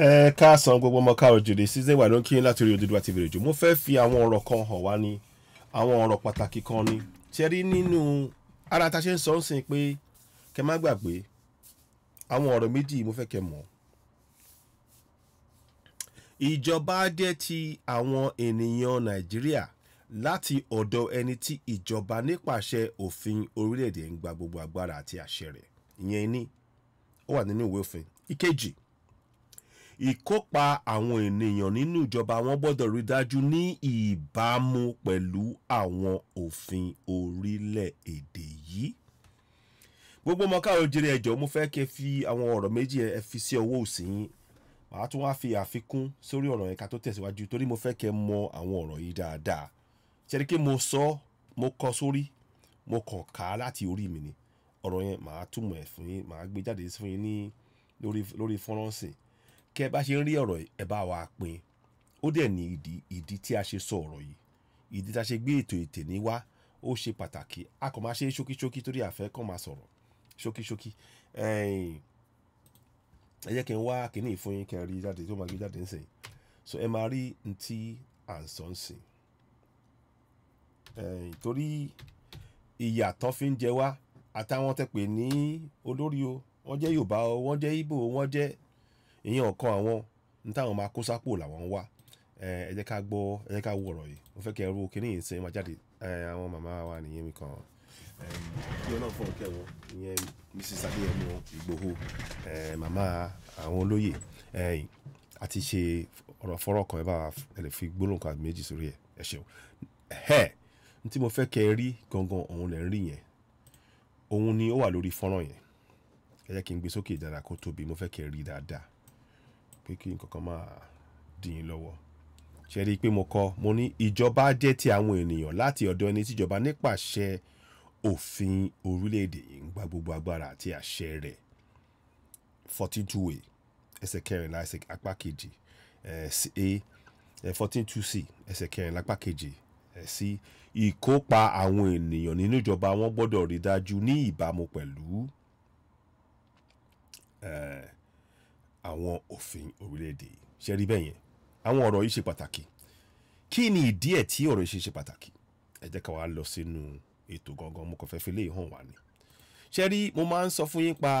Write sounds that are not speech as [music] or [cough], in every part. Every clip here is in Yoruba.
ẹ káàsán gbogbo ọmọ káàrọ̀ jèrè season wà ló ń kí yín láti orí Odùduwà TV Radio mo fẹ́ fi àwọn ọ̀rọ̀ kan hàn wá ní àwọn ọ̀rọ̀ pàtàkì kan ni ṣe rí nínú ara ta ṣe ń sọ ń sìn pé kẹ má gbàgbé àwọn ọ̀rọ̀ méjì mo fẹ́ kẹ mọ̀ ìjọba dé ti àwọn ènìyàn Nàìjíríà láti ọ̀dọ̀ ẹni tí ìjọba nípasẹ̀ òfin orílẹ̀-èdè ń gba gbogbo agbára àti àṣẹ rẹ̀ ìyẹn ní ó wà nínú ìwé òfin ìkejì ìkópa àwọn ènìyàn nínú ìjọba wọn gbọ́dọ̀ rí dájú ní ìbámu pẹ̀lú àwọn òfin orílẹ̀-èdè yìí gbogbo ọmọ káàró jèrè ẹjọ́ mo fẹ́ kẹ́ fi àwọn ọ̀rọ̀ méjì ẹ fi sí ọwọ́ òsì yín màá tún wáá fi àfikún sórí ọ̀rọ̀ yẹn ká tó tẹ̀síwájú torí mo fẹ́ kẹ́ mọ àwọn ọ̀rọ̀ yìí dáadáa ṣẹ́ni pé mo sọ mo kọ sórí mo kàn ká láti orí mi ni ọ̀rọ̀ yẹn màá túmọ̀ ẹ̀ fún yín màá gbé jáde fún yín ní lórí fọ́nrán sìn kẹ́ ẹ bá ṣe ń rí ọ̀rọ̀ ẹ bá wa pín ó dẹ̀ ní ìdí ìdí tí a ṣe sọ ọ̀rọ̀ yìí ìdí tá a ṣe gbé ètò ètè ní wá ó ṣe pàtàkì a kò máa ṣe ṣókíṣókí torí àfẹ́ kàn máa sọ̀rọ̀ ṣókíṣókí ẹ jẹ́ kí n wá kíní ìfún yín kí n rí jáde tó máa gbé jáde ńsìn so ẹ máa rí ntí à ń sọ ńsìn torí ìyàtọ̀ fi ń jẹ wá àtàwọn tẹ ní olórí o wọ́n jẹ́ Yorùbá o wọ́n jẹ́ Ìgbò o wọ́n jẹ́ ìyẹn ọ̀kan àwọn ní táwọn máa kó sápò làwọn ń wá ẹ jẹ́ ká gbọ́ ẹ jẹ́ ká wo ọ̀rọ̀ yìí mo fẹ́ kẹ́ ru kíní yìí sẹ́yìn máa jáde àwọn màmá wa nìyẹn mi kan yóò náà fọ̀ kẹwọn ìyẹn Mrs Adéyẹmọ Ìgbòho màmá àwọn olóyè àti ṣe ọ̀rọ̀ fọ́rọ̀ kan ẹ bá ẹ lè fi gbólóǹkan àti méjì sórí ẹ ẹ ṣeun ẹ n tí mo fẹ́ kẹ́ ẹ rí gangan òun lẹ̀ ń rí yẹn òun ni ó wà lórí fọ́nrán yẹn ẹ jẹ́ kí n gbé sókè dáadáa kó tóbi mo fẹ́ kẹ́ rí dáadáa pé kí nǹkan kan máa dì yín lọ́wọ́ ṣe rí i pé mo kọ mo ní ìjọba jẹ́ ti àwọn ènìyàn láti ọ̀dọ̀ ẹni tíjọba nípasẹ̀ òfin orílẹ̀-èdè yìí ń gba gbogbo agbára àti àṣẹ rẹ̀ fourteen two a ẹsẹ̀ kẹrìnlá ẹsẹ̀ apá kejì a fourteen two c ẹsẹ̀ kẹrìnlá apá kejì sí ìkópa àwọn ènìyàn nínú ìjọba wọn gbọ́dọ̀ rí dájú ní ìbámu pẹ̀lú àwọn òfin orílẹ̀-èdè ṣe rí bẹ́ẹ̀ yẹn àwọn ọ̀rọ̀ yìí ṣe pàtàkì kí ni ìdí ẹ̀ tí ọ̀rọ̀ yìí ṣe ṣe pàtàkì ẹ jẹ́ ká wá lọ sínú ètò gangan mo kàn fẹ́ fi lè hàn wá ni ṣe rí mo máa ń sọ fún yín pa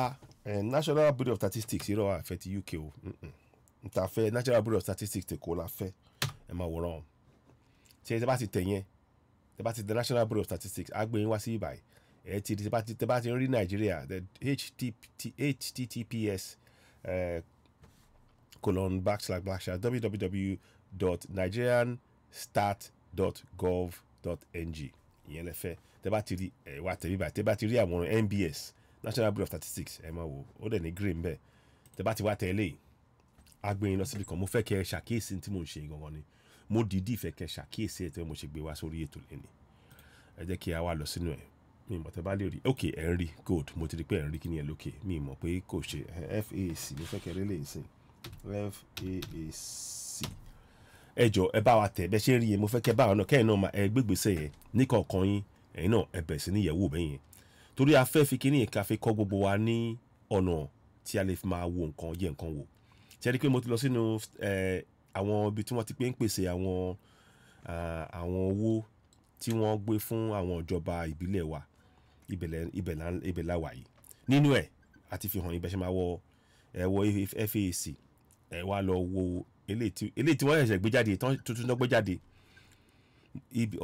eh, National Bureau of Statistics irọ́ àfẹ́ ti UK o n ta fẹ́ National Bureau of Statistics ti kó la fẹ́ ẹ máa wòran o ṣe tẹ bá ti tẹ̀ yẹn tẹ bá ti tẹ National Bureau of Statistics á gbé yín wá sí ìbàyí ẹ ti tẹ bá ti tẹ rí Nàìjíríà https colon backslash backslash www.nigerianstat.gov.ng ìyẹn lẹ́fẹ́ tẹ́ bá ti rí ẹ̀ wá tẹ̀lé báyìí tẹ́ bá ti rí àwòrán NBS National Bureau of Statistics ẹ̀ máa wò ó dẹ̀ ní green bẹ́ẹ̀ tẹ́ bá ti wá tẹ̀lé yìí agbẹ̀yìn lọ síbi kan mo fẹ́ kẹ́ ẹ ṣàkíyèsí tí mò ń ṣe gangan ni mo dìídì fẹ́ kẹ́ ẹ ṣàkíyèsí ẹ̀ tí mo ṣe gbé wá sórí ètò lẹ́ni ẹ jẹ́ kí a wá lọ sínú ẹ̀ mi mọ̀ tẹ́ bá lè rí ok ẹ̀ ń rí gold mo ti rí pé ẹ̀ ń rí kí ni ẹ̀ lókè mi mọ̀ pé kò ṣe FAC mo fẹ́ kẹ́ ẹ lélẹ́yìn sìn ref aac ẹ jọ ẹ bá wa tẹ bẹ ṣe rí yẹn mo fẹ́ kẹ́ bá wa náà kẹ́yìn náà ẹ gbégbèsè yẹn ní kọ̀ọ̀kan yín ẹ̀yin náà ẹ bẹ̀rẹ̀ sí ní ìyẹ̀wò bẹ́ẹ̀ yẹn torí a fẹ́ fi kíní yẹn ká fi kọ́ gbogbo wa ní ọ̀nà tí a lè fi máa wo nǹkan yẹ nǹkan wò ṣe rí i pé mo ti lọ sínú àwọn ibi tí wọ́n ti pé ń pèsè àwọn àwọn owó tí wọ́n gbé fún àwọn ìjọba ìbílẹ̀ wa ibẹ̀ la wà yìí nínú ẹ̀ àti fi hàn ibẹ̀ ṣe máa wọ ẹ wọ ẹ wá lọ wo eléyìí tí wọ́n ṣẹ̀ṣẹ̀ gbé jáde tuntun náà gbé jáde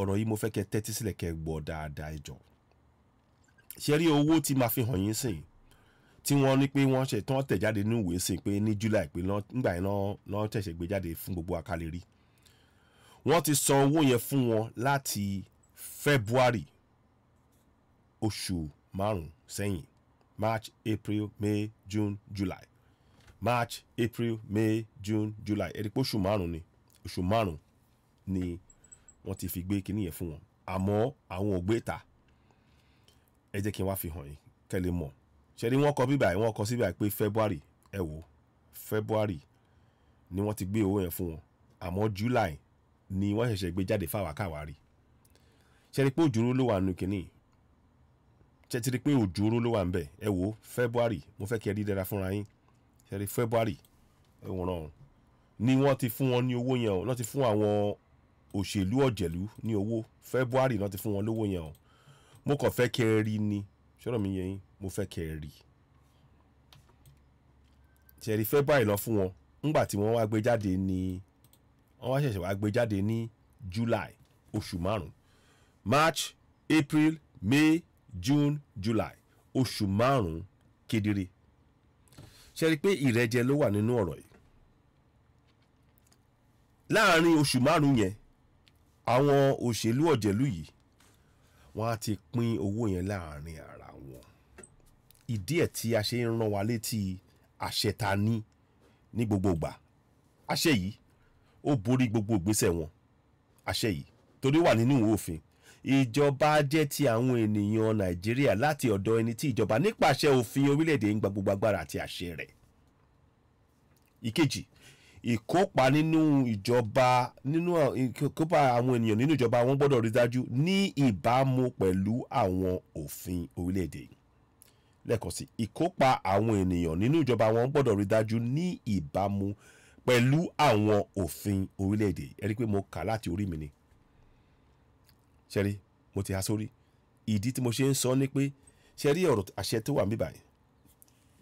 ọ̀rọ̀ yìí mo fẹ́ kẹ́ tẹ́tí sílẹ̀ kẹ́ gbọ́ dáadáa ẹ jọ̀ọ́ ṣe rí owó tí máa fi hàn yín sìn tí wọ́n ní pé wọ́n ṣe tán tẹ̀ jáde ní ìwé sìn pé ní July pé nígbà yẹn náà ṣẹ̀ṣẹ̀ gbé jáde fún gbogbo àkàlẹ̀ rí wọ́n ti san owó yẹn fún wọn láti February oṣù márùn-ún sẹ́yìn March April May June July march april may june july ẹ̀rí pé oṣù márùn ni oṣù márùn ni wọ́n ti fi gbé kinní yẹn fún wọn àmọ́ àwọn ò gbé e ta ẹ jẹ́ kí n wá fi hàn yín kẹ́ lè mọ̀ ṣẹ́ni kọ bíbà wọ́n kọ síbà pé february ẹ wò february ni wọ́n ti gbé owó yẹn fún wọn àmọ́ july ni wọ́n ṣẹ̀ṣẹ̀ gbé jáde fáwa káwárí ṣẹ́ni pé òjòrò ló wà nù kinní ṣẹ́ni pé òjòrò ló wà ń bẹ̀ ẹ wò february mo fẹ́ kí ẹ rí fúnra yín ṣẹ́rí February ẹ̀wọ̀n ọ̀hún ni wọ́n ti fún wọn ní owó yẹn o wọ́n ti fún àwọn òṣèlú ọ̀jẹ̀lú ní owó February wọ́n ti fún wọn lówó yẹn o mo kàn fẹ́ kẹ́ ẹ rí ni ṣọ́rọ̀ mi yẹn mo fẹ́ kẹ́ ẹ rí ṣẹ́rí February lọ fún wọn ńgbà tí wọ́n wá gbé jáde ní wọ́n wá ṣẹ̀ṣẹ̀ wá gbé jáde ní July oṣù márùn March April May June July oṣù márùn-ún kedere ṣe rí i pé ìrẹ́jẹ ló wà nínú ọ̀rọ̀ yìí láàrin oṣù márùn-ún yẹn àwọn òṣèlú ọ̀jẹ̀lú yìí wọ́n á ti pín owó yẹn láàrin ara wọn ìdí ẹ̀ tí a ṣe ń rán wa létí àṣẹ ta ní ní gbogbo àṣẹ yìí ó borí gbogbo ìgbésẹ̀ wọn àṣẹ yìí torí wà nínú òfin ìjọba jẹ́ ti àwọn ènìyàn nàìjíríà láti ọ̀dọ̀ ẹni tí ìjọba nípasẹ̀ òfin orílẹ̀-èdè ń gba gbogbo agbára àti àṣẹ rẹ̀. ìkejì ìkópa nínú ìjọba nínú ìkópa àwọn ènìyàn nínú ìjọba wọn gbọ́dọ̀ rí dájú ní ìbámu pẹ̀lú àwọn òfin orílẹ̀-èdè lẹ́ẹ̀kan sí ìkópa àwọn ènìyàn nínú ìjọba wọn gbọ́dọ̀ rí dájú ní ìbámu pẹ̀lú àwọn òfin orílẹ̀-èdè ẹ rí i pé mo kà láti orí mi ni ṣẹ́rí mo ti há sórí ìdí tí mo ṣe ń sọ ni pé ṣẹ́rí ọ̀rọ̀ àṣẹ tó wà níbí báyìí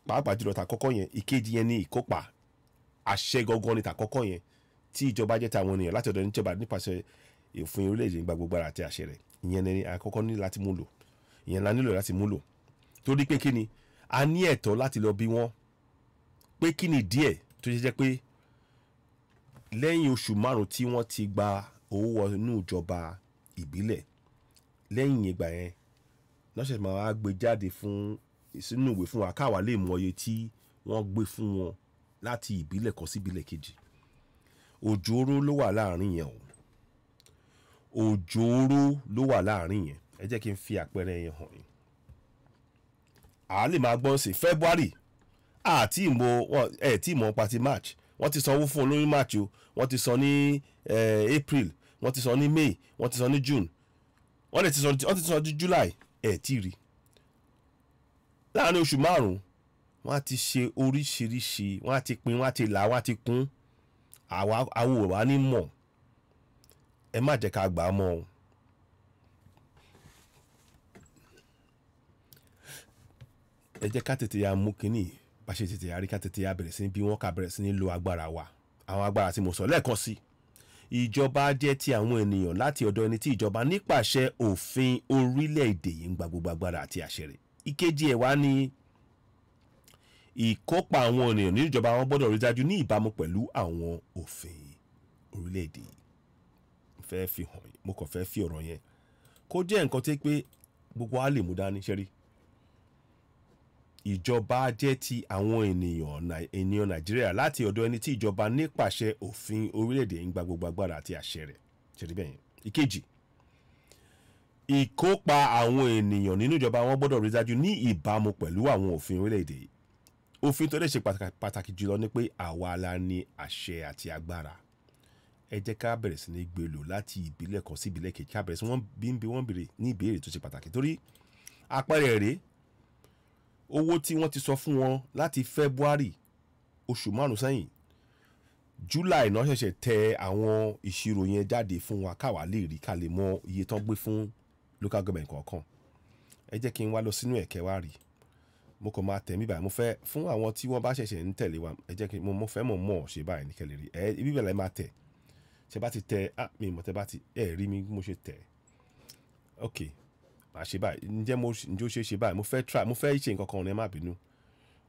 pàápàá jùlọ tàkọ́kọ́ yẹn ìkejì yẹn ni ìkópa àṣẹ gangan ni tàkọ́kọ́ yẹn tí ìjọba jẹ́ tàwọn ènìyàn láti ọ̀dọ̀ níjọba nípasẹ̀ òfin orílẹ̀-èdè nígbà gbogbo ara àti àṣẹ rẹ̀ ìyẹn ni àkọ́kọ́ ní láti múlò ìyẹn la nílò láti múlò torí pé kí ni a ní ẹ̀tọ́ láti lọ bí wọ́n pé kí ni díẹ̀ tó ṣe jẹ́ pé lẹ́yìn oṣù márùn-ún tí wọ́n ti gba owó wọnú ìjọba ìbílẹ̀ lẹ́yìn ìgbà yẹn lọ́sẹ̀ máa wá gbé jáde fún sínú ìwé fún wa káwa lè mọ iye tí wọ́n gbé fún wọn láti ìbílẹ̀ kan sí ìbílẹ̀ kejì òjòòró ló wà láàrin yẹn o òjòòró ló wà láàrin yẹn ẹ jẹ́ kí n fi àpẹẹrẹ yẹn hàn yín à lè máa gbọ́n sí February àti ìmọ̀ ẹ̀ tí ìmọ̀ pati March wọ́n ti sanwó fún olóyún March o wọ́n ti san ní eh, April wọ́n ti sọ ní May wọ́n ti sọ ní June wọ́n lè ti sọ wọ́n ti sọ ní July ẹ̀ tí rí láàárín oṣù márùn-ún wọ́n á ti ṣe oríṣiríṣi wọ́n á ti pin wọ́n á ti là wọ́n á ti kún àwa àwo wa ní mọ̀ ẹ má jẹ́ ká gbà á mọ́ o. ẹ jẹ́ ká tètè ya mú kínní bá ṣe tètè ya rí ká tètè ya bẹ̀rẹ̀ sí ní bí wọ́n ká bẹ̀rẹ̀ sí ní lo agbára wa àwọn agbára tí mo sọ lẹ́ẹ̀kan sí i ìjọba jẹ́ ti àwọn ènìyàn láti ọ̀dọ̀ ẹni tí ìjọba nípasẹ̀ òfin orílẹ̀-èdè yìí ń gba gbogbo agbára àti àṣẹ rẹ̀ ìkejì ẹ̀ wá ní ìkópa àwọn ènìyàn nínú ìjọba wọn gbọ́dọ̀ rí dájú ní ìbámu pẹ̀lú àwọn òfin orílẹ̀-èdè yìí mo fẹ́ fi hàn mo kàn fẹ́ fi ọ̀rọ̀ yẹn kó jẹ́ nǹkan tí pé gbogbo wa lè mú dání ṣe ìjọba jẹ́ ti àwọn ènìyàn ènìyàn nàìjíríà láti ọ̀dọ̀ ẹni tí ìjọba nípasẹ̀ òfin orílẹ̀-èdè ń gba gbogbo agbára àti àṣẹ rẹ̀ ṣèlú bẹ́ẹ̀ yẹn. ìkejì ìkópa àwọn ènìyàn nínú ìjọba wọn gbọ́dọ̀ rí dájú ní ìbámu pẹ̀lú àwọn òfin orílẹ̀-èdè yìí òfin tó lè ṣe pàtàkì jùlọ ni pé àwa la ní àṣẹ àti agbára ẹ jẹ́ ká bẹ̀rẹ̀ sí ní gbé lò láti ìbílẹ̀ kan sí ìbílẹ̀ kejì ká bẹ̀rẹ̀ sí wọ́n bí wọ́n bèrè ní ìbéèrè tó ṣe pàtàkì torí àpẹẹrẹ rèé owó tí wọ́n ti sọ fún wọn láti February oṣù márùn sẹ́yìn July náà ṣẹ̀ṣẹ̀ tẹ àwọn ìṣirò yẹn jáde fún wa káwa lè rí ká lè mọ iye tán gbé fún local government kọ̀ọ̀kan ẹ jẹ́ kí n wá lọ sínú ẹ̀kẹ́ wá rí mo kàn máa tẹ̀mí báyìí mo fẹ́ fún àwọn tí wọ́n bá ṣẹ̀ṣẹ̀ ń tẹ̀lé wa ẹ jẹ́ kí mo mo fẹ́ mọ̀ mọ̀ ṣe báyìí nìkẹ́ lè rí ẹ ibi bẹ̀rẹ̀ máa tẹ̀ ṣe bá ti tẹ ah mi mọ̀ tẹ bá ti ẹ rí mi mo ṣe tẹ̀ ok màá ṣe báyìí ǹjẹ́ mo ǹjẹ́ ó ṣe ṣe báyìí mo fẹ́ try mo fẹ́ ṣe nǹkan kan ọ̀nà ẹ má bínú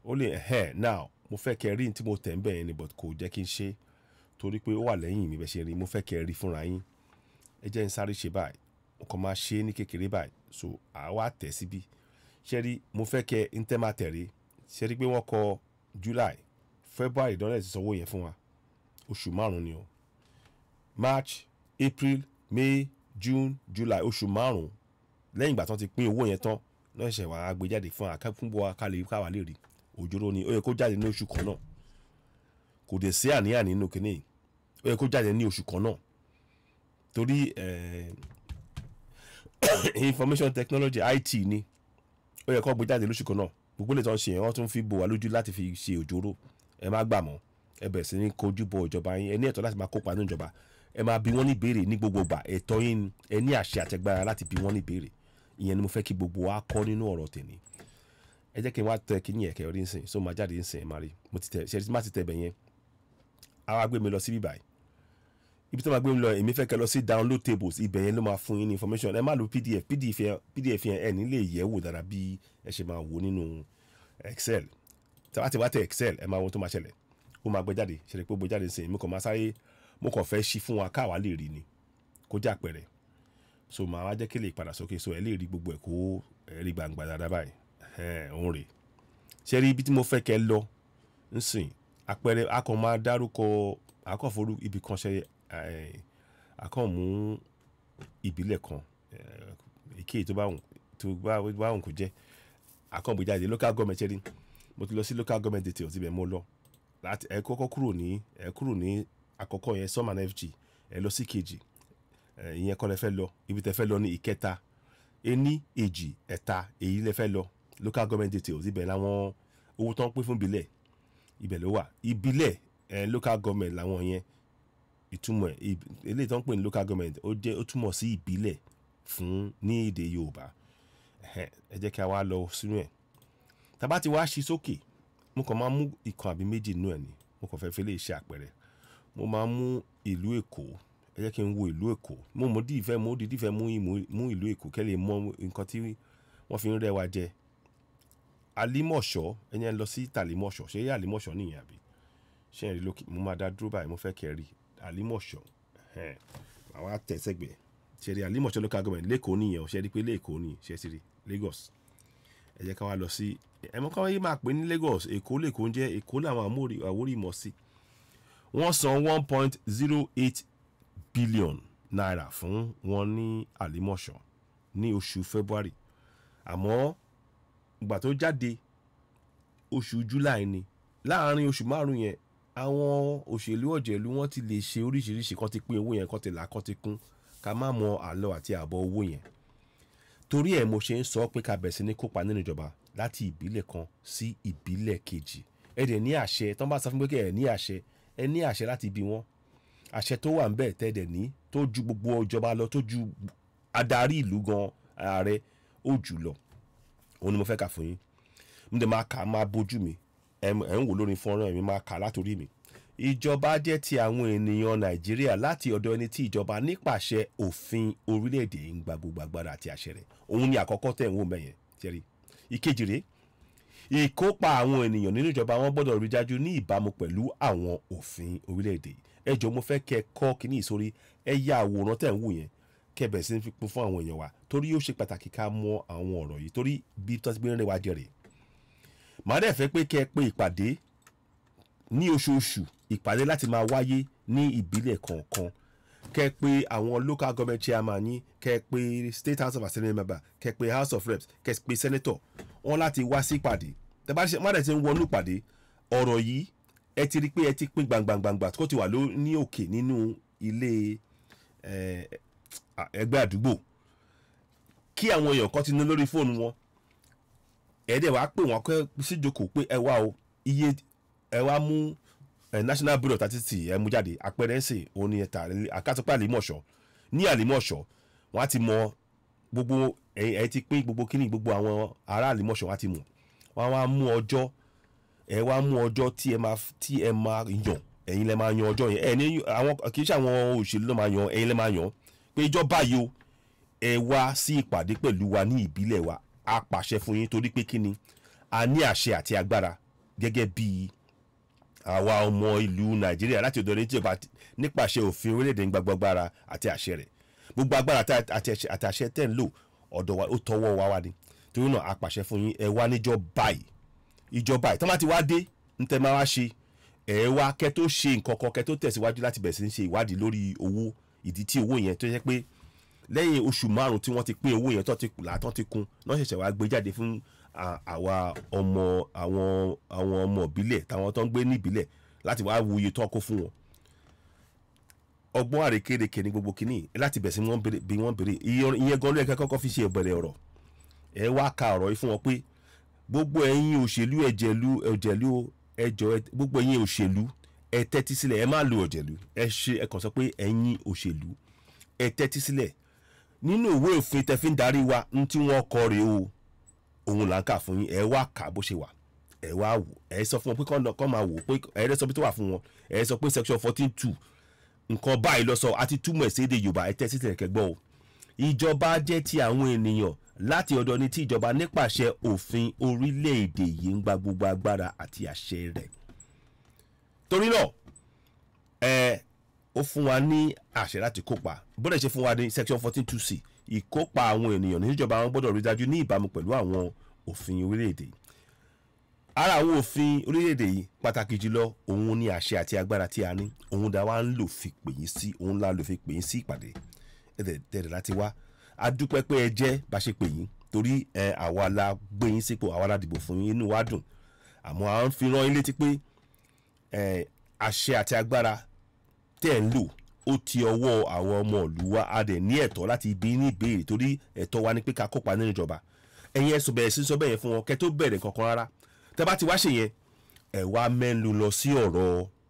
ó lè ẹ̀ now mo fẹ́ kẹ́ rí tí mo tẹ̀ ń bẹ̀ yẹn ni but kò jẹ́ kí n ṣe torí pé ó wà lẹ́yìn mi bẹ́ẹ̀ ṣe rí mo fẹ́ kẹ́ rí fúnra yín ẹ jẹ́ n sáré ṣe báyìí mo kàn máa ṣe é ní kékeré báyìí so àwa tẹ̀ síbí ṣe rí mo fẹ́ kẹ́ ń tẹ́ máa tẹ̀ rí ṣe rí pé wọ́n kọ July February dọ́lẹ̀ ti sanwó yẹn fún wa oṣù márùn-ún ni o March April May June July oṣù márùn-ún lẹ́yìn ìgbà tó ti pín owó yẹn tán lọ́sẹ̀ wàá gbé jáde fún akẹ́kọ̀ọ́ akálẹ̀ káwa lè rí òjòrò ni ó yẹ kó jáde ní oṣù kan náà kò dẹ̀ sí àníyàn nínú kinní ó yẹ kó jáde ní oṣù kan náà torí eh, [coughs] information technology IT ni ó yẹ kó gbé jáde lóṣù kan náà gbogbo lè tán ṣe yẹn wọ́n tún fi bò wá lójú láti fi ṣe òjòrò ẹ má gbà mọ́ ẹ bẹ̀rẹ̀ sí ní kojú bọ ìjọba yín ẹ ní ẹ̀tọ́ láti máa kópa nínú ìjọba ẹ máa bi wọ́n ní ìbéèrè ní gbogbo ìgbà ẹ̀tọ́ yín ẹ ní àṣẹ àtẹgbára láti bi wọ́n ní ìbéèrè ìyẹn ni mo fẹ́ kí gbogbo wa kọ́ nínú ọ̀rọ̀ tèmi ẹ jẹ́ kí n wá tẹ kí ní ẹ̀kẹ́ orí nsìn so máa jáde nsìn máa rí mo ti tẹ ṣe má ti tẹ bẹ̀ yẹn àwa gbé mi lọ sí bíbáyìí ibi tó máa gbé mi lọ èmi fẹ́ kẹ́ lọ sí download tables ibẹ̀ yẹn ló máa fún yín ní information ẹ má lo pdf pdf yẹn pdf yẹn ẹ nílé ìyẹ̀wò dára bí ẹ ṣe máa wò nínú excel tí wàá ti wá tẹ excel ẹ máa wo tó máa ṣẹlẹ̀ ó máa gbé jáde ṣẹlẹ̀ pé ó gbé jáde nsìn mo kàn máa sáré mo kàn fẹ́ ṣí fún wa káwa lè rí ni kó jẹ́ àpẹẹrẹ so màá wá jẹ́ kí lè padà sókè so ẹ lè rí gbogbo ẹ̀ kó ẹ rí gbangba dáadáa báyìí òun rè ṣe rí ibi tí mo fẹ́ kẹ́ lọ nsìn àpẹẹrẹ akọ máa dárúkọ akọ̀fọ́rú ibì kan ṣe akọ̀mú ìbílẹ̀ kan èkéyìí tó bá wùn tó bá wùn kó jẹ́ akọ̀bùjáde local government ṣe rí mo ti lọ sí local government detail ti mo lọ láti ẹ kọ́kọ́ kúrò ní ẹ kúrò ní àkọ́kọ́ yẹn summer fg ẹ lọ sí kejì Eh, ìyẹn kọ́ lẹ fẹ́ lọ ibi tẹ fẹ́ lọ ní ìkẹta ení èjì ẹ̀ta èyí lẹ fẹ́ lọ local government details ibẹ̀ làwọn owó tán pín fún ìbílẹ̀ ibẹ̀ ló wà ìbílẹ̀ eh, local government làwọn yẹn ìtumọ̀ eléyìí tán pè ní local government ó jẹ́ ó túmọ̀ sí ìbílẹ̀ fún ní èdè Yorùbá ẹ jẹ́ kí a wá lọ sínú ẹ̀ tàbá ti wá ṣí sókè mo kàn máa mú ìkan àbí méjì nú ẹ̀ ni mo kàn fẹ́ fi lè ṣe àpẹẹrẹ mo máa mú ìlú Èkó ẹ jẹ́ kí n wo ìlú Èkó mo mọ̀ dí ìfẹ́ mo dídí ìfẹ́ mú ìlú Èkó kẹ́ lè mọ nǹkan tí wọ́n fi ń rẹwà jẹ Àlímọ̀ṣọ́ ẹ̀yẹn lọ sí tàlímọ̀ṣọ́ ṣé yé Àlímọ̀ṣọ́ nìyẹn àbí ṣé ẹ̀rí lókè mo máa dá dúró báyìí mo fẹ́ kẹ́rì Àlímọ̀ṣọ́ àwọn àtẹ̀sẹ̀gbẹ̀ ṣe rí Àlímọ̀ṣọ́ local government lẹ́kọ̀ọ́ nìyẹn ṣe rí pé lẹ́kọ̀ọ́ ni ṣe sí rí Lagos ẹ jẹ́ ká wá lọ sí ẹ̀mọ́ káwọn yìí máa pè ní Lagos Èkó lẹ́kọ̀ọ́ ń jẹ́ Èkó làwọn Àwórì mọ̀ sí wọ́n san one point zero eight bílíọ̀nù náírà fún wọn ní àlìmọ̀ṣọ́ ní oṣù February àmọ́ ìgbà tó jáde oṣù July ni láàárín oṣù márùn yẹn àwọn òṣèlú ọ̀jẹ̀lú wọn ti lè ṣe oríṣiríṣi kan ti pín owó yẹn kan ti là kan ti kún ká má mọ àlọ àti àbọ̀ owó yẹn torí ẹ̀ mo ṣe ń sọ pé ká bẹ̀ sí ní kópa nínú ìjọba láti ìbílẹ̀ kan sí ìbílẹ̀ kejì ẹ dẹ̀ ní àṣẹ tán bá sọ fún pé kẹ́ ní àṣẹ ẹ ní àṣẹ láti bí wọn àṣẹ tó wà ń bẹ̀ tẹ́dẹ̀ ní tó ju gbogbo ìjọba lọ tó ju adarí ìlú gan ààrẹ ó jù lọ òun ni mo fẹ́ kà fún yín mo dẹ̀ máa kà á máa bójú mi ẹ̀ ń wò lórí fọ́nrán mi máa kà á látòrí mi ìjọba jẹ́ ti àwọn ènìyàn nàìjíríà láti ọ̀dọ̀ ẹni tí ìjọba nípasẹ̀ òfin orílẹ̀-èdè ń gba gbogbo agbára àti àṣẹ rẹ̀ òun ni àkọ́kọ́ tẹ̀ ń wò mẹ́yẹn tẹ́rí ìkejì rèé ìkópa àwọn ènìyàn nínú ìjọba wọn gbọ́dọ̀ rí dájú ní ìbámu pẹ̀lú àwọn òfin orílẹ̀-èdè ẹ jọ mo fẹ́ kẹ́ ẹ kọ́ kíní ìsórí ẹ ya àwòrán tẹ̀ ń wù yẹn kẹ́ ẹ bẹ̀rẹ̀ sí ní pípín fún àwọn èèyàn wa torí ó ṣe pàtàkì ká mọ àwọn ọ̀rọ̀ yìí torí bí tó ti gbé rẹ̀ wá jẹ rè màá dẹ̀ fẹ́ pé kẹ́ pé ìpàdé ní oṣooṣù ìpàdé láti máa wáyé ní ìbílẹ̀ kọ̀ọ̀kan kẹ́ pé àwọn local government chairman yín kẹ́ pé state house of assembly member kẹ́ pé house of reps kẹ́ pé senator wọn láti wá sí ìpàdé tẹ́ bá dẹ̀ ti ń wọnú ìpàdé ọ̀rọ̀ yìí ẹ ti rí i pé ẹ ti pín gbangbangbangba tó ti wà ní òkè nínú ilé ẹgbẹ́ àdúgbò kí àwọn èèyàn kan ti ná lórí fóònù wọn ẹ̀ẹ́dẹ̀ wàá pè wọ́n síjókòó pé ẹ wá o iye ẹ wá mú national bureau tatiti ẹ mú jáde àpẹẹrẹ ń sìn òun ni ẹ̀ta àkàtúpẹ́ àlìmọ̀ṣọ́ ní àlìmọ̀ṣọ́ wọ́n á ti mọ gbogbo ẹ ti pín gbogbo kíní gbogbo àwọn ará àlìmọ̀ṣọ́ wọ́n á ti mọ̀ wọ́n á wá mú ọjọ́ ẹ wá mú ọjọ́ tí ẹ máa tí ẹ máa yàn ẹ̀yin lẹ máa yan ọjọ́ yẹn ẹni àwọn kì í ṣe àwọn òṣèlú ló máa yan ẹ̀yin lẹ máa yan pé ìjọba yìí o ẹ wá sí ìpàdé pẹ̀lú wa ní ìbílẹ̀ wa a pàṣẹ fún yín torí pé kí ni a ní àṣẹ àti agbára gẹ́gẹ́ bí àwa ọmọ ìlú nàìjíríà láti ọ̀dọ̀ níjọba nípasẹ̀ òfin orílẹ̀-èdè gbogbo agbára àti àṣẹ rẹ̀ gbogbo agbára àti àṣẹ tẹ̀ ń lò ọ̀dọ̀ wa ó tọwọ́ wa wá ni torí náà a pàṣẹ fún yín ẹ wá níjọ́ báyìí ìjọba ìtàn bá ti wá dé ń tẹ́ máa wá ṣe ẹ̀ wá kẹ́ tó ṣe nǹkan kan kẹ́ tó tẹ̀síwájú láti bẹ̀rẹ̀ sí ń ṣe ìwádìí lórí owó ìdí tí owó yẹn tó yẹ pé lẹ́yìn oṣù márùn-ún tí wọ́n ti pín owó yẹn tó ti látọ́ ti kún náà ṣẹ̀ṣẹ̀ wá gbé jáde fún àwa ọmọ àwọn àwọn ọmọ ìbílẹ̀ táwọn tó ń gbé níbílẹ̀ láti wá wo iye tó kó fún wọn ọgbọ́n àrékérekè ní gbogbo kínní láti bẹ̀ sí wọ́n béèrè ìyẹn gan ló yẹ kẹ́kọ́ fi ṣe ìbẹ̀rẹ̀ ọ̀rọ̀ ẹ wá ka ọ̀rọ̀ yìí fún wọn pé gbogbo ẹ̀yin òṣèlú ẹ̀jẹ̀lú ẹ̀jẹ̀lú ẹ̀jọ̀ gbogbo ẹ̀yin òṣèlú ẹ tẹ́tí sílẹ̀ ẹ má lo ọ̀jẹ̀lú ẹ ṣe ẹ kàn sọ pé ẹ̀yin òṣèlú ẹ tẹ́tí sílẹ̀ nínú ìwé òfin tẹ̀fín darí wa ń tí wọ́n kọ rèé o òun là ń kà fún yín ẹ wá kà bó ṣe wà ẹ wá wò ẹ sọ fún wọn pé kọ́ máa wò pé ẹ rẹ sọ pé tó wà fún wọn ẹ sọ pé section fourteen two nǹkan báyìí lọ sọ àti túmọ̀ ẹ̀ séde Yorùbá ẹ tẹ́tí sílẹ̀ kẹgbọ́ o ìjọba jẹ́ ti àwọn ènìyàn láti ọ̀dọ̀ ni tí ìjọba nípasẹ̀ òfin orílẹ̀-èdè yìí ń gba gbogbo agbára àti àṣẹ rẹ̀. torí náà ẹ ó fún wa ní àṣẹ láti kópa bọ́dẹ̀ ṣe fún wa ní section fourteen two c ìkópa àwọn ènìyàn níjọba àwọn gbọ́dọ̀ rí dájú ní ìbámu pẹ̀lú àwọn òfin orílẹ̀-èdè ara àwọn òfin orílẹ̀-èdè yìí pàtàkì jùlọ òun ni àṣẹ àti agbára tí a ní òun dá wa ń lò fi pè yín sí òun la lò fi pè yín sí ìpàdé ẹ̀dẹ̀ láti wá a dúpẹ́ pé ẹ jẹ́ bá ṣe pè yín torí ẹ àwa la gbé yín sípò àwa la dìbò fún yín inú wa dùn àmọ́ à ń fi rán yín létí pé ẹ àṣẹ àti agbára tẹ̀ ń lò ó ti ọwọ́ àwọn ọmọ ìlú wa a dẹ̀ ní ẹ̀tọ́ láti bí ní ìbéèrè torí ẹ̀tọ́ wa ni pé ká kópa nínú ìjọba ẹ̀yin ẹ̀sùn bẹ̀rẹ̀ sí sọ bẹ́ẹ̀ yẹn fún wọn kẹ́ tó bẹ̀rẹ̀ kankan rárá tẹ́ bá ti wá ṣe yẹn ẹ̀ wá mẹ́nu lọ sí ọ̀rọ̀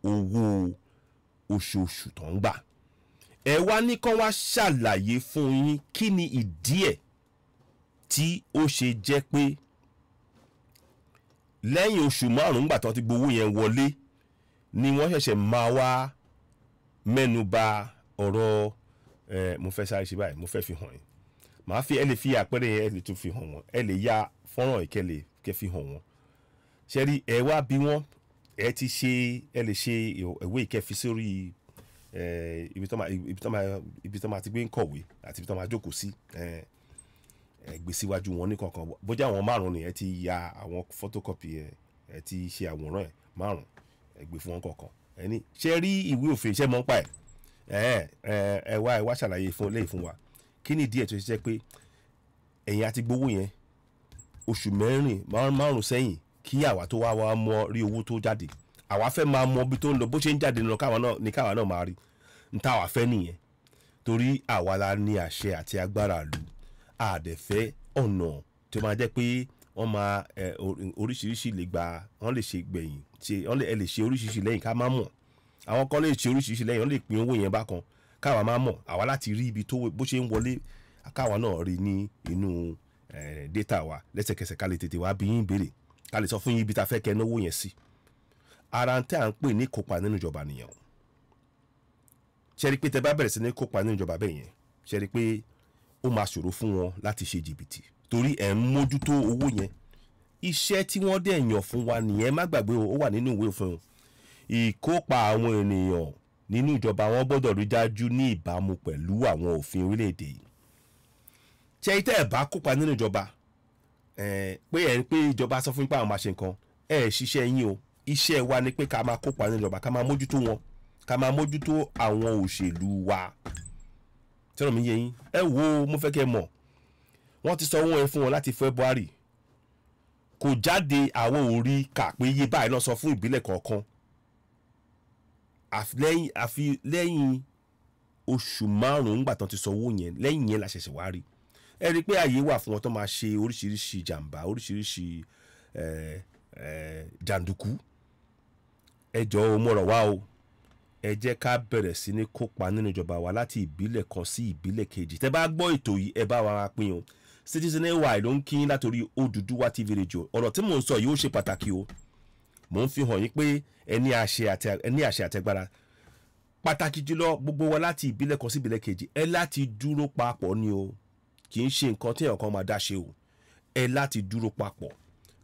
owó oṣooṣù tó ń gbà ẹ wá ní kán wá ṣàlàyé fún yín kí ni ìdí ẹ̀ tí ó ṣe jẹ́ pé lẹ́yìn oṣù márùn gbà tán ti gbowó yẹn wọlé ni wọ́n ṣẹ̀ṣẹ̀ máa wá mẹ́nuba ọ̀rọ̀ ẹ̀ mo fẹ́ sáré ṣe báyìí mo fẹ́ fi hàn yín màá fi ẹ lè fi àpẹẹrẹ yẹn ẹ lè tún fi hàn wọ́n ẹ lè ya fọ́nrán ìkẹlẹ̀ kẹ́ fi hàn wọ́n ṣẹ́rí ẹ wá bí wọ́n ẹ ti ṣe ẹ lè ṣe ìwé ìkẹfì sórí Eh, ibi tó máa ti gbé ń kọ̀wé àti ibi tó máa jókòó sí eh, eh, gbé síwájú wọn ní kankan bójá àwọn márùn ni ẹ ti ya àwọn photocopy ẹ ẹ ti ṣe àwòrán ẹ márùn ẹ gbé fún wọn kankan ẹ ní ṣe rí ìwé òfin ṣe mọ́ ń pa ẹ ẹ wá ẹ wá ṣàlàyé fún lẹ́yìn fún wa kí ni díẹ̀ tó ṣe jẹ́ pé ẹ̀yin àti gbowó yẹn oṣù mẹ́rin márùn sẹ́yìn kí àwa tó wá wá mọ rí owó tó jáde àwa fẹ́ máa mọ ibi tó ń lọ bó ṣe ń jáde lọ káwa náà ni káwa náà máa rí n táwa fẹ́ nìyẹn torí àwa la ní àṣẹ àti agbára lù àdẹ̀fẹ́ ọ̀nà tó máa jẹ́ pé wọ́n máa oríṣiríṣi lè gba wọ́n lè ṣe gbẹ̀yìn ṣe wọ́n lè ṣe oríṣiríṣi lẹ́yìn ká má mọ̀ àwọn kan lè ṣe oríṣiríṣi lẹ́yìn wọ́n lè pín owó yẹn bákan káwa má mọ̀ àwa láti rí ibi tó bó ṣe ń wọlé káwa náà rí ní inú data wa lẹ́sẹ̀kẹsẹ̀ ká lè tètè wá bí yín béèrè ká lè sọ fún yín ibi tá a fẹ́ kẹ́ náwó yẹn sí ara tẹ́ à ń pè ní kópa nínú ìjọba nìyẹn o ṣe rí pé tẹ́ bá bẹ̀rẹ̀ sí ní kópa nínú ìjọba bẹ́ẹ̀ yẹn ṣe rí pé ó máa ṣòro fún wọn láti ṣe jìbìtì torí ẹ̀ ń mójútó owó yẹn iṣẹ́ tí wọ́n dẹ̀ yàn fún wa nìyẹn má gbàgbé o ó wà nínú ìwé òfin ìkópa àwọn ènìyàn nínú ìjọba wọn gbọ́dọ̀ rí dájú ní ìbámu pẹ̀lú àwọn òfin orílẹ̀-èdè yìí ṣe itẹ́ ẹ̀ bá kópa nínú ìjọba pé ẹ̀ ń pé ìjọba sọ fún yín pé àwọn máa ṣe nǹkan ẹ̀ ṣiṣẹ́ yín o iṣẹ́ wa ni pé ká máa kópa nínú ìjọba ká máa mójútó wọn ká máa mójútó àwọn òṣèlú wa tẹ́lọ̀ mi yé yín ẹ wo mo fẹ́ kẹ́ mọ̀ wọ́n ti sọ owó ẹ fún wọn láti February kò jáde àwọn orí kà pé iye báyìí náà sọ fún ìbílẹ̀ kọ̀ọ̀kan àfi lẹ́yìn oṣù márùn-ún gbà tán ti sọ owó yẹn lẹ́yìn yẹn la ṣẹ̀ṣẹ̀ wá rí ẹ rí i pé àyè wà fún wọn tó máa ṣe oríṣiríṣi jàǹbá oríṣiríṣi jàǹdùkú ẹ jọ̀ọ́ o mo rọ̀ wá o ẹ jẹ́ ká bẹ̀rẹ̀ sí ní kópa nínú ìjọba wa láti ìbílẹ̀ kan sí ìbílẹ̀ kejì tẹ́ bá gbọ́ ètò yìí ẹ bá wa pín o citizen ay ló ń kí yín látòrí Odùduwà TV radio ọ̀rọ̀ tí mò ń sọ yìí ó ṣe pàtàkì o mò ń fi hàn yín pé ẹni àṣẹ àtẹgbára pàtàkì jùlọ gbogbo wa láti ìbílẹ̀ kan sí ìbílẹ̀ kejì ẹ láti dúró papọ̀ ni o kì í ṣe nǹkan tí èèyàn kan máa dá ṣe o ẹ láti dúró papọ̀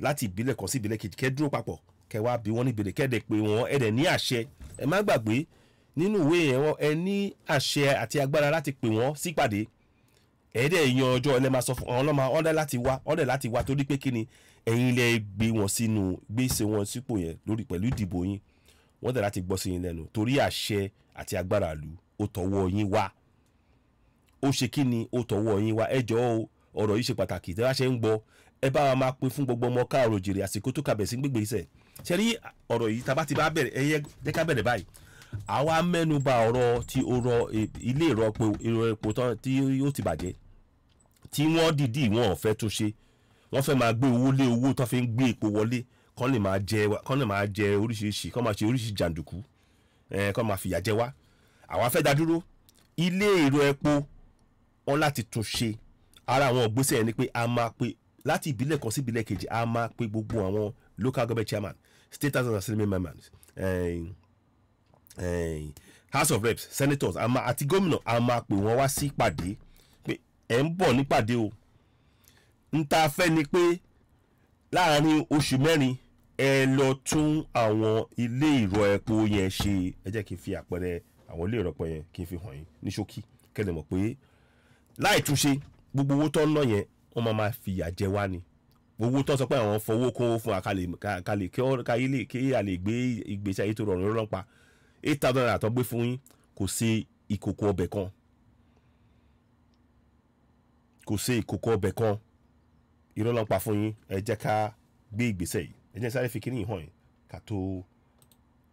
láti ìbílẹ̀ kan sí ìbílẹ̀ kejì kẹ́ dúró papọ̀ kẹwàá bí wọ́n ní bèrè kẹ́dẹ̀ pé wọ́n ẹ̀dẹ̀ ní àṣẹ ẹ má gbàgbé nínú ìwé yẹn wọ́n ẹ ní àṣẹ àti agbára láti pè wọ́n sípàdé ẹ̀ẹ́dẹ̀ yan ọjọ́ ẹ lè máa sọ fún ọ̀hún lọ́mọ ọ̀dẹ̀ láti wá ọ̀dẹ̀ láti wá torí pé kíni ẹ̀yin lẹ gbé wọn sínú gbèsè wọn sípò yẹn lórí pẹ̀lú ìdìbò yín wọ́n dẹ̀ láti gbọ́ sí yín lẹ́nu torí àṣẹ àti agbára ìlú ó tọwọ́ yín wá ó ṣe kí ó tọwọ́ yín wá ẹ ọ̀rọ̀ yìí ṣe pàtàkì tẹ́ ṣe ń gbọ́ ẹ bá wa máa pín fún gbogbo ọmọ káàrọ̀ jèrè àsìkò tó kàbẹ̀ sí gbégbèsè ṣe ní ọ̀rọ̀ yìí tá a bá ti bá bẹ̀rẹ̀ ẹyẹ jẹ́ ká bẹ̀rẹ̀ báyìí àwa mẹ́nuba ọ̀rọ̀ ti ọ̀rọ̀ ilé ìrọ̀pọ̀ ìrọ̀pọ̀ tán tí yóò ti bàjẹ́ tí wọ́n dìdí wọn ò fẹ́ tún ṣe wọ́n fẹ́ máa gbé owó lé owó tán fi ń gbé epo wọlé kán lè máa jẹ kán lè máa jẹ oríṣiríṣi kán máa ṣe oríṣiríṣi jàǹdùkú eh, kán máa fìyà jẹ wá àwa fẹ́ dá ilé ìrọ epo wọn láti tún ṣe ara àwọn ògbésẹ̀ ni pé a máa pe láti ìbílẹ̀ kan sí ìbílẹ̀ kejì a máa pe gbogbo àwọn local government chairman state house and assembly members um, um, house of reps senators àmà àti gómìnà àmà pè wọ́n wá sí pàdé pé ẹ̀ ń bọ̀ nípàdé o n ta fẹ́ ni pé láàrin oṣù mẹ́rin ẹ lọ tún àwọn ilé ìrọ̀ epo yẹn ṣe ẹ jẹ́ kí n fi àpẹẹrẹ àwọn ilé ìrọ̀pọ̀ yẹn kí n fi hàn yín ní ṣókí kẹ́lẹ̀ mọ̀ pé láì túnṣe gbogbo owó tó ń ná yẹn wọ́n máa ma fìyà jẹ wá ni owó tó sọ pé àwọn fọwọ́ kówó fún wa ká lè káyé lè kí a lè gbé ìgbésí ayé tó rọrùn lọ́pàá eight thousand naira tó gbé fún yín kò ṣe ìkòkò ọbẹ̀ kan kò ṣe ìkòkò ọbẹ̀ kan irọ́ lọ́pàá fún yín ẹ jẹ́ ká gbé ìgbésẹ̀ yìí ẹ jẹ́ sáré fi kíní hàn yín ká tó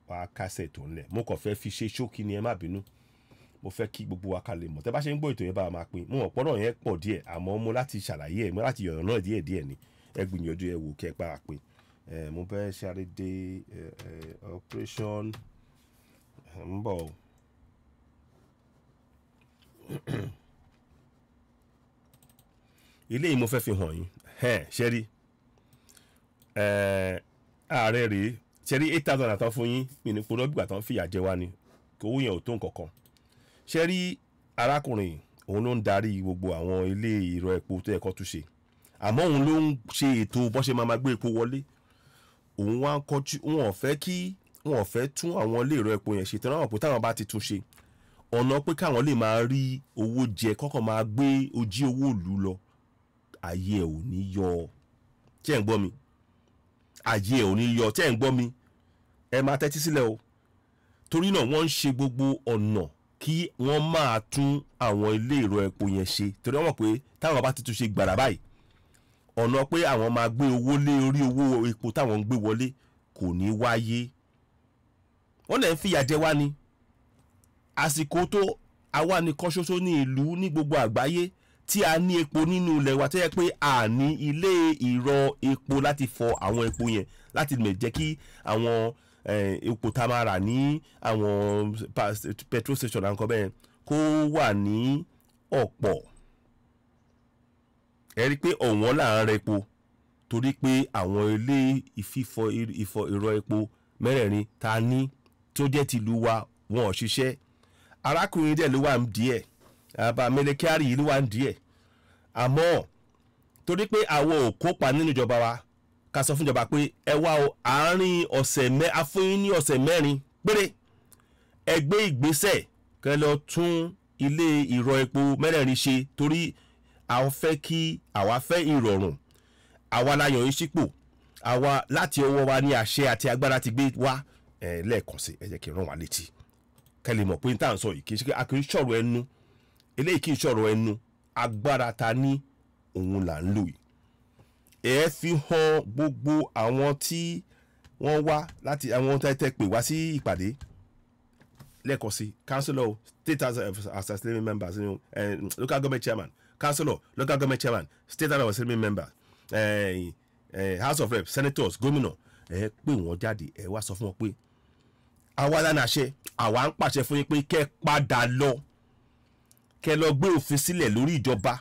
wá kásẹ̀ tó ńlẹ̀ mo kàn fẹ́ fi ṣe ṣókí ni ẹ má bínú mo fẹ́ kí gbogbo wa ká lè mọ̀ tẹ́ bá ṣe ń gbọ́ ètò yẹn bá máa pín mo mọ̀ pọ́nrọ̀ yẹn pọ̀ díẹ̀ àmọ́ mo láti ṣàlàyé ẹ̀ mo láti yọ̀nà náà díẹ̀ díẹ̀ ni ẹ gbìyànjú ẹ wò kí ẹ para pé mo fẹ́ ṣe àdédé operation ń bọ̀ o. ilé yìí mo fẹ́ fi hàn yín ṣe rí ààrẹ rèé ṣe rí eight thousand àtàn fún yín mi ní polówó gbà tán fìyà jẹ wá ni kò owó yẹn ò tó nǹkan kan ṣe rí arákùnrin òun ló ń darí gbogbo àwọn ilé ìrọ epo tó yẹ kó tún ṣe àmọ́ òun ló ń ṣe ètò bọ́n ṣe máa ma gbé epo wọlé òun wá ń kọjú wọn ò kí wọn ò tún àwọn ilé ìrọ epo yẹn ṣe tán pé táwọn bá ti tún ṣe ọ̀nà pé káwọn lè máa rí owó jẹ kọ́kàn máa gbé ojí owó ìlú lọ ayé ẹ̀ ò ní yọ tẹ́ ń gbọ́ mi ayé ẹ̀ ò ní yọ tẹ́ ń gbọ́ mi ẹ máa tẹ́tí sílẹ̀ o torí náà wọ́n ń ṣe gbogbo ọ̀nà kí wọ́n máa tún àwọn ilé ìrọ epo yẹn ṣe torí pé táwọn bá ti tún ṣe gbàrà báyìí ọ̀nà pé àwọn máa gbé owó lé orí owó epo táwọn ń gbé wọlé kò ní wáyé wọ́n lè ń fìyà jẹ wá ni àsìkò tó àwa nìkan ṣoṣo ní ìlú ní gbogbo àgbáyé tí a ní epo nínú ilẹ̀ wa tó yẹ pé a ní ilé ìrọ̀ epo láti fọ àwọn epo yẹn láti lè jẹ́ kí àwọn epo tá a máa rà ní àwọn petrol station àǹkọ́ bẹ́ẹ̀ kó wà ní ọ̀pọ̀ ẹ rí i pé ọ̀wọ́n là ń rẹ epo torí pé àwọn ilé ìfífọ ìfọ ìrọ epo mẹ́rẹ̀ẹ̀rin ta ní tó jẹ́ tìlú wa wọn ò ṣiṣẹ́ arákùnrin dẹ̀ ló wà ń díẹ̀ àbá mẹlẹkíárì yìí ló wà ń díẹ̀ àmọ́ torí pé àwọn ò kópa nínú ìjọba wa ká sọ fún ìjọba pé ẹ wá o àárín ọ̀sẹ̀ mẹ́ afúnyín ní ọ̀sẹ̀ mẹ́rin péré ẹ gbé ìgbésẹ̀ kẹ́ lọ tún ilé ìrọ epo mẹ́rẹ̀ẹ̀rin ṣe torí àwọn fẹ́ kí àwa fẹ́ ìrọ̀rùn àwa la yàn yín sípò àwa láti ọwọ́ wa ní àṣẹ àti agbára ti gbé wá lẹ́ẹ̀kan sí ẹ jẹ́ kí n rán wa létí kẹ́lẹ́ mọ̀ pé n tà ń sọ yìí kì í ṣe pé a kì í ṣọ̀rọ̀ ẹnu eléyìí kì í ṣọ̀rọ̀ ẹnu agbára ta ní òun là ń lò yìí ẹ fi hàn gbogbo àwọn tí wọ́n wá láti àwọn tẹ́tẹ́ pè wá sí ìpàdé lẹ́ẹ̀kan sí councillor state eh, assembly members eh, local government chairman councillor local government chairman state house of assembly member eh, eh, house of reps senators gómìnà ẹ pè wọ́n jáde ẹ wá sọ fún wọn pé àwa lánàá ṣe àwa ń pàṣẹ fún yín pé kẹ́ padà lọ kẹ́ lọ gbé òfin sílẹ̀ lórí ìjọba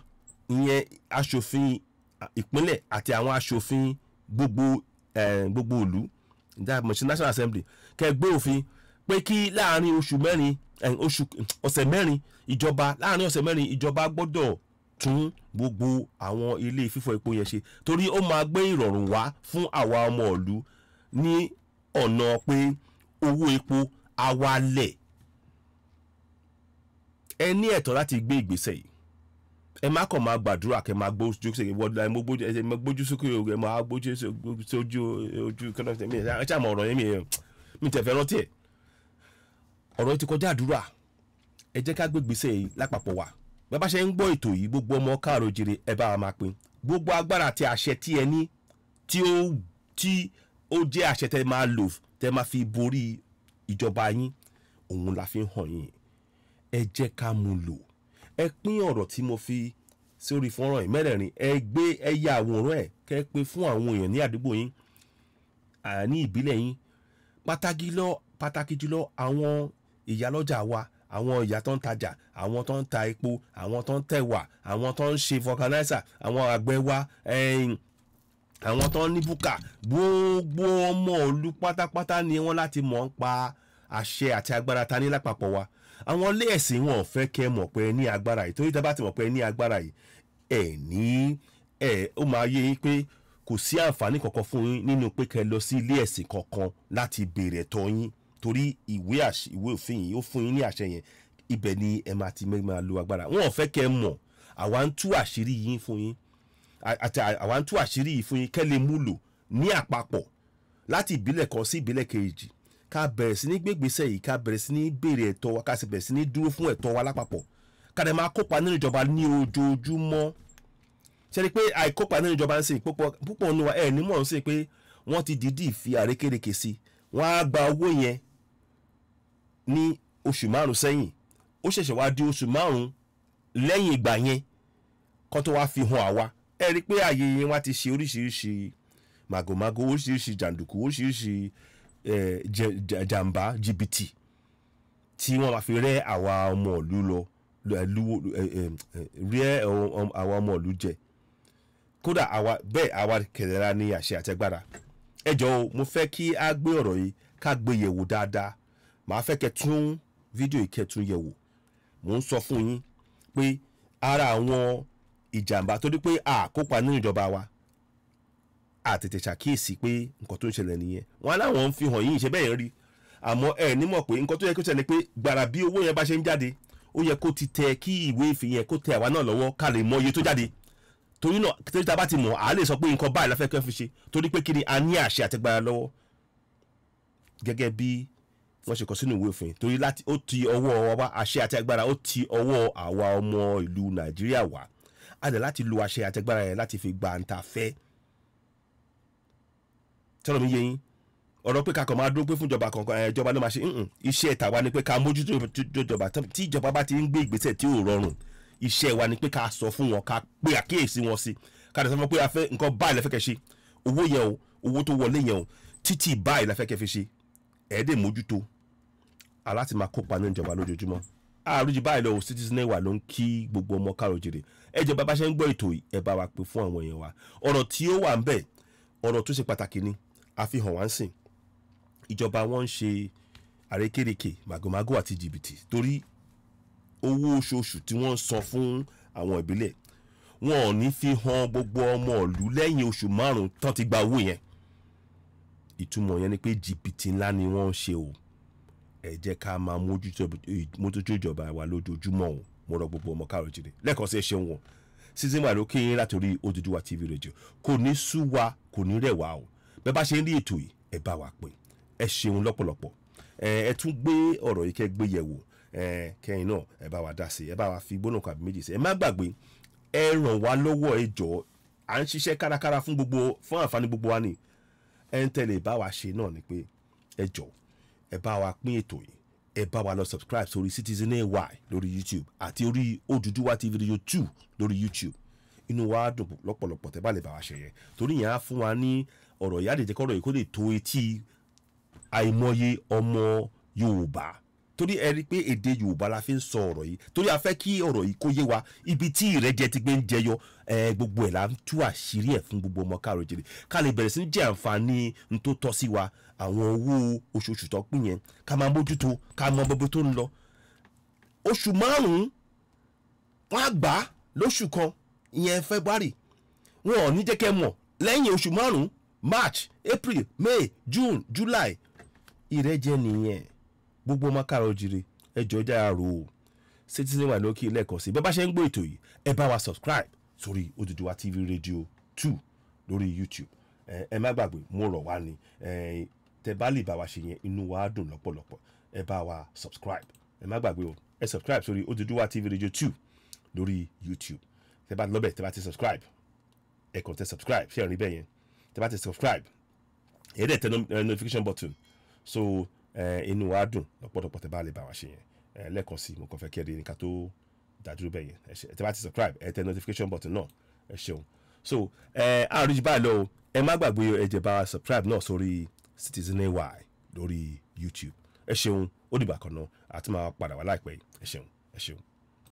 ìyẹn aṣòfin ìpínlẹ̀ àti àwọn aṣòfin gbogbo eh, gbogbo ìlú national assembly kẹ́ gbé òfin pé kí láàrin oṣù mẹ́rin eh, oṣù ọ̀sẹ̀ mẹ́rin ìjọba láàrin ọ̀sẹ̀ mẹ́rin ìjọba gbọ́dọ̀ tún gbogbo àwọn ilé fífọ epo yẹn ṣe torí ó máa gbé ìrọ̀rùn wá fún àwa ọmọ ìlú ní ọ̀nà pé owó epo á wálẹ̀ ẹ ní ẹ̀tọ́ láti gbé ìgbésẹ̀ yìí ẹ má kàn máa gbàdúrà kẹ máa gbójú sókè wọdà ẹ mọ gbójú sókè ẹ máa gbójú sójú ojú kọ́nà mi ẹ ṣàmọ ọ̀rọ̀ yẹn mi ẹ mi tẹ̀fẹ́ rántí ẹ̀ ọ̀rọ̀ ti kọjá àdúrà ẹ jẹ́ ká gbé ìgbésẹ̀ yìí lápapọ̀ wa bàbá ṣe ń gbọ́ ètò yìí gbogbo ọmọ káàró jire ẹ bá wa máa pín gbogbo agbára àti àṣẹ tí ẹ ní tí ó tí ó jẹ́ àṣẹ tẹ máa lò tẹ máa fi borí ìjọba yín òun la fi ń hàn yín ẹ jẹ́ ká mú lò ẹ pín ọ̀rọ̀ tí mo fi sórí fọ́nrán yìí mẹ́rẹ̀ẹ̀rin ẹ gbé ẹ ya àwòrán ẹ̀ kẹ́ pé fún àwọn èèyàn ní àdúgbò yín ní ìbílẹ̀ yín pàtàkì jùlọ àwọn ìyálọ́jà wa àwọn ìyá tó ń tajà àwọn tó ń ta epo àwọn tó ń tẹ̀wà àwọn tó ń ṣe vulcanizer àwọn àgbẹ̀ wa àwọn tó ń ní búkà gbogbo ọmọ òlu pátápátá ni wọ́n láti mọ̀ ń pa àṣẹ àti agbára ta ní lápapọ̀ wa àwọn ilé ẹ̀sìn wọn ò fẹ́ kẹ́ mọ̀ pé ẹ ní agbára yìí torí tábà ti mọ̀ pé ẹ ní agbára yìí ẹ ní ẹ ó máa yé yín pé kò sí àǹfààní kankan fún yín nínú pé kẹ́ lọ sí ilé ẹ̀sìn kankan láti béèrè ẹ̀tọ́ yín torí ìwé ìwé òfin yìí ó fún yín ní àṣẹ yẹn ibẹ̀ ni ẹ máa ti máa lo agbára wọn ò fẹ́ kẹ́ ẹ mọ̀ àwa ń tú àṣírí yín fún yín àti àwa ń tú àṣírí yìí fún yín kẹ́ lè mú lò ní àpapọ̀ láti ìbílẹ̀ kan sí ìbílẹ̀ kejì ká bẹ̀rẹ̀ sí ní gbégbèsè yìí ká bẹ̀rẹ̀ sí ní béèrè ẹ̀tọ́ wa ká sì bẹ̀rẹ̀ sí ní dúró fún ẹ̀tọ́ wa lápapọ̀ ká lè máa kópa nínú ìjọba ní ojoojúmọ́ ṣe pé àìkópa nínú ìjọba ń sè púpọ̀ púpọ̀ nínú wa ẹ̀ ní mọ̀ ń sè pé wọ́n ti dìídì fi àrékérekè sí wọ́n á gba owó yẹn ní oṣù márùn sẹ́yìn ó ṣẹ̀ṣẹ̀ wá di oṣù márùn lẹ́yìn ìgbà yẹn kó tó wá fi hàn àwa ẹ rí i pé ààyè yẹn wá ti ṣe oríṣiríṣi màgòmágó oríṣiríṣi jàǹdùkú oríṣiríṣi jàǹbá jìbìtì tí wọ́n máa fi rẹ́ àwa ọmọ ìlú lọ rẹ́ àwa ọmọ jẹ kódà àwa bẹ́ẹ̀ àwa kẹlẹ́ra ní àṣẹ àtẹ́gbára ẹ jọ̀ọ́ mo fẹ́ kí a gbé ọ̀rọ̀ yìí ká gbé yẹ̀wò dáadáa màá fẹ́ kẹ́ tún fídíò ìkẹtùn yẹ̀ wò mò ń sọ fún yín pé ara àwọn ìjàmbá tó dé pé àkópa nínú ìjọba wa àtètè ṣàkíyèsí pé nǹkan tó ń ṣẹlẹ̀ nìyẹn wọn aláwọn ń fi hàn yín ìṣe bẹ́ẹ̀ rí àmọ́ ẹ nímọ̀ pé nǹkan tó yẹ kó ṣẹlẹ̀ pé gbàrà bí owó yẹn bá ṣe ń jáde ó yẹ kó ti tẹ kí ìwé ìfìyẹn kó tẹ àwa náà lọ́wọ́ ká lè mọ iye tó jáde torí náà torí tá bá ti mọ̀ à lè sọ pé nǹkan báyìí la kẹ́ fi ṣe torí pé kí ni a ní àṣẹ àtẹgbára lọ́wọ́ gẹ́gẹ́ bí wọ́n ṣe kọ sínú ìwé òfin torí láti ó ti ọwọ́ wa àṣẹ àti agbára ó ti ọwọ́ àwa ọmọ ìlú nàìjíríà wá a dẹ̀ láti lo àṣẹ àti agbára yẹn láti fi gba ǹta fẹ́ tọ́lọ́ mi yé yín ọ̀rọ̀ pé kakọ̀ máa dúró pé fúnjọba kankan ìjọba ló máa ṣe iṣẹ́ tàwa ni pé ká mójútó ìjọba tí ìjọba bá ti ń gbé ìgbésẹ̀ tí ò rọrùn iṣẹ́ wa ni pé ká sọ fún wọn ká pé àkíyèsí wọn sí ká dẹ̀ sọ fún pé a fẹ́ nǹkan báyìí la fẹ́ kẹ́ ṣe owó yẹn o owó tó wọlé yẹn o títì báyìí la fẹ́ kẹ́ fi ṣe ẹ̀ẹ́dẹ̀ mójútó aláti máa kópa ní ìjọba lójoojúmọ́ àrùjì báyìí lọ citizen náà wà ló ń kí gbogbo ọmọ káàròjèrè ẹ jọba bá ṣe ń gbọ́ ètò ẹ bá wa pè fún àwọn èèyàn wa ọ̀rọ̀ tí ó wà ń bẹ̀ ọ̀rọ̀ tó ṣe pàtàkì ni àfihàn wá ń sìn ìjọba wọn ń ṣe àrékèrèké màgòmágó àti jìbìtì torí owó oṣooṣù tí wọ́n ń san fún àwọn ìbílẹ̀ wọn ò ní fi hàn gbogbo ọmọ ìlú lẹ́yìn oṣù márùn-ún tán ti gba owó yẹn ìtumọ̀ yẹn ni pé jìbìtì ńlá ni wọ́n ń ṣe o ẹ jẹ́ ká máa mójútó ìjọba wa lójoojúmọ́ o mo rọ gbogbo ọmọ káàrọ̀ jìnnì lẹ́ẹ̀kan sí ẹ ṣeun o season wa ló kí yín látòrí Odùduwà TV radio kò ní sú wa kò ní rẹ̀ o bẹ́ẹ̀ bá ṣe ń rí ètò yìí ẹ bá wa pè ẹ ṣeun lọ́pọ̀lọpọ̀ ẹ tún gbé ọ̀rọ̀ yìí kẹ́ gbé yẹ̀ wò kẹ́yìn náà ẹ bá wa dá sí ẹ bá wa fi gbóná kàbí méjì sí ẹ má gbàgbé ẹ ràn wá lọ́wọ́ ẹ jọ̀ọ́ à ń ṣiṣẹ́ kárakára fún gbogbo fún àǹfààní gbogbo wa ni ẹ̀ ń tẹ̀lé bá wa ṣe náà ni pé ẹ jọ ẹ bá wa pín ètò yìí ẹ bá wa lọ subscribe sórí Citizen AY lórí YouTube àti orí Oduduwa TV Radio 2 lórí YouTube inú wa dùn lọ́pọ̀lọpọ̀ tẹ́ bá lè bá wa ṣe yẹn torí yẹn á fún wa ní ọ̀rọ̀ ìyá àdèjẹ́kọ̀rọ̀ yìí kó lè tó etí àìmọye ọmọ Yorùbá torí ẹ rí i pé èdè yorùbá la fi ń sọ ọ̀rọ̀ yìí torí a fẹ́ kí ọ̀rọ̀ yìí kó yé wa ibi tí ìrẹ́jẹ ti gbé ń jẹyọ ẹ gbogbo ẹ̀ la ń tú àṣírí ẹ̀ fún gbogbo ọmọ káàró jèrè ká lè bẹ̀rẹ̀ sí ní jẹ́ àǹfààní n tó tọ́ sí wa àwọn owó oṣooṣù tó pín yẹn ká máa mójútó ká mọ gbogbo tó ń lọ oṣù márùn-ún wọ́n á lóṣù kan ìyẹn february wọn ò ní jẹ́ kẹ́ mọ̀ lẹ́yìn oṣù márùn-ún march april may june july ìrẹ́jẹ nìyẹn gbogbo ọmọ káàárọ̀ oòjíire ẹ àrò citizen wà lókè lẹ́ẹ̀kan sí bí ẹ bá ṣe ń gbọ́ ètò yìí ẹ bá wa subscribe sórí Odùduwà TV Radio two lórí YouTube ẹ má gbàgbé mo rọ̀ wá ni tẹ bá lè bá wa ṣe yẹn inú wa á dùn lọ́pọ̀lọpọ̀ ẹ bá wa subscribe ẹ má gbàgbé o ẹ subscribe sórí Odùduwà TV Radio two lórí YouTube tẹ bá lọ́bẹ̀ tẹ bá ti subscribe ẹ kàn tẹ subscribe ṣé ẹ rí bẹ́ẹ̀ yẹn tẹ bá ti subscribe ẹ dẹ̀ tẹ notification button so inú wa dùn lọ́pọ̀lọpọ̀ tẹ́ bá lè bá wa ṣe yẹn lẹ́ẹ̀kan sí mo kàn fẹ́ kí ẹ rí ní ká tó dàdúró bẹ́ẹ̀ yẹn ẹ bá ti subscribe ẹ tẹ notification button náà ẹ ṣeun so àrùjì báyìí lọ ẹ má gbàgbé ẹ jẹ́ bá subscribe náà sórí Citizen AY lórí YouTube ẹ ṣeun ó dìbà kan náà àti máa padà wá láìpẹ́ yìí ẹ ṣeun ẹ ṣeun.